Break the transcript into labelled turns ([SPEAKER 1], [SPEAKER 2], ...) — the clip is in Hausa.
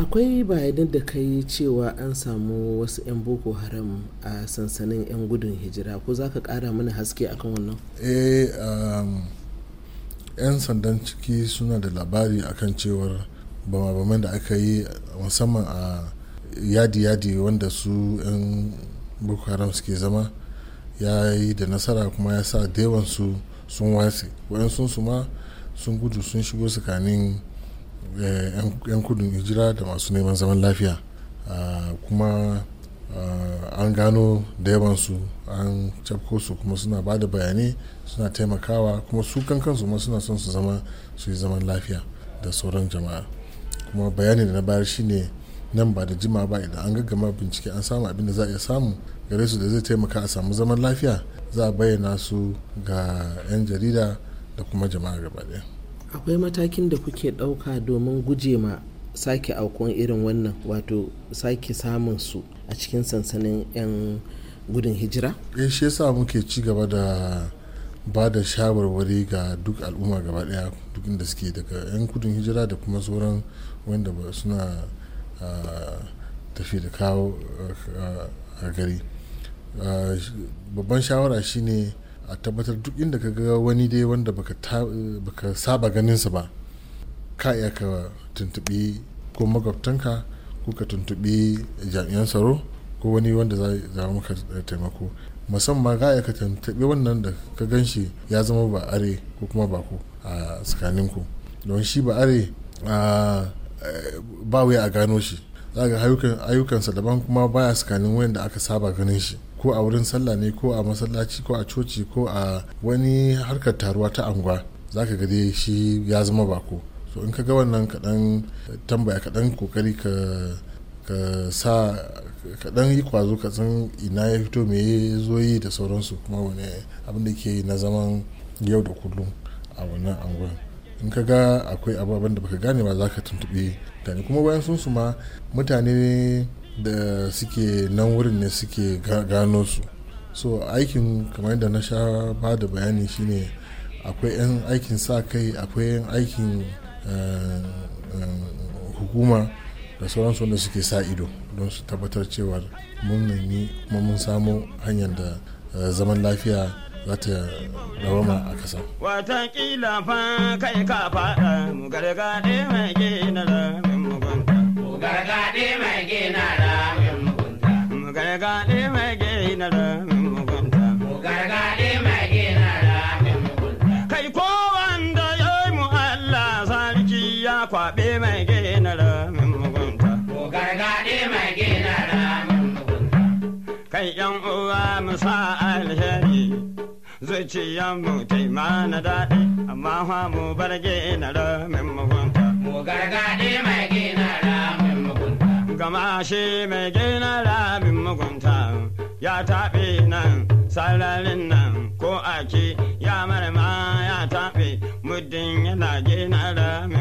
[SPEAKER 1] akwai bayanin da ka yi cewa an samu wasu 'yan boko haram a sansanin 'yan gudun hijira ko za ka kara mana haske a kan wannan eh 'yan um, sandan ciki suna da labari akan cewar bama-baman da aka yi musamman a yadi-yadi wanda su 'yan boko haram suke zama ya yi da nasara kuma ya sa su sun wasi waɗansu su ma sun gudu sun shigo tsakanin Eh, 'yan kudin hijira da masu neman zaman lafiya ah, kuma ah, an gano da yawansu an cafko su kuma suna ba da bayanai suna taimakawa kuma su kansu ma suna son su zama su yi zaman lafiya da sauran jama'a kuma bayani da na bayar shine nan ba da jima ba idan an gaggama bincike an samu abin da za a iya samu gare su da zai taimaka a samu zaman lafiya za a bayyana su ga 'yan jarida da kuma jama'a gaba ɗaya akwai matakin da kuke ɗauka domin guje ma sake aukon irin wannan wato sake samun su a cikin sansanin 'yan gudun hijira? Eh, shi yasa muke ci gaba da ba da shawarwari ga duk al'umma gaba daya duk inda suke daga 'yan gudun hijira da kuma sauran wanda ba suna tafi da kawo a gari babban shawara shine a tabbatar duk inda ka ga wani dai wanda baka saba ganinsa ba ka iya ka tuntuɓi ko magabtanka ko ka tuntuɓi jami'an tsaro ko wani wanda za maka taimako musamman ga iya ka tuntuɓi wannan da ka gan shi ya zama ba are ko kuma ba ku a tsakaninku don shi ba are eh, ba wai a gano shi zaga ayyukansa daban kuma baya tsakanin wayan da aka saba ganin shi ko a wurin sallah ne ko a masallaci ko a coci ko a wani harkar taruwa ta anguwa zaka ga dai shi ya zama bako so in ka ga wannan kaɗan tambaya kaɗan kokari ka ka sa kaɗan yi kwazo ka san ina ya fito me ya zo yi da sauransu kuma wani abin da ke na zaman yau da kullum a wannan anguwan in ka ga akwai ababen da baka gane ba za ka tuntuɓe mutane kuma bayan sun su ma mutane da suke nan wurin ne suke gano su so aikin kamar yadda na sha ba da bayani shine akwai 'yan aikin sa kai akwai 'yan aikin eh, eh, hukuma da sauransu wanda suke sa ido don su tabbatar cewa mun nemi kuma mun samu hanyar da eh, zaman lafiya za ta dawama a kasa.
[SPEAKER 2] Watakila fa kai ka faɗa mu gargaɗe mai gina ramin mugunta. Mu gargaɗe mai gina ramin mugunta. Mu gargaɗe mai gina ramin mugunta. Mu gargaɗe mai gina ramin mugunta. Kai ko wanda ya yi mu Allah sarki ya kwaɓe mai gina ramin zuci mu taima na daɗi amma fa mu bar gina min mugunta. Mu gargaɗi mai gina min mugunta. Gama shi mai gina min mugunta ya taɓi nan sararin nan ko ake ya marama ya taɓi muddin yana gina min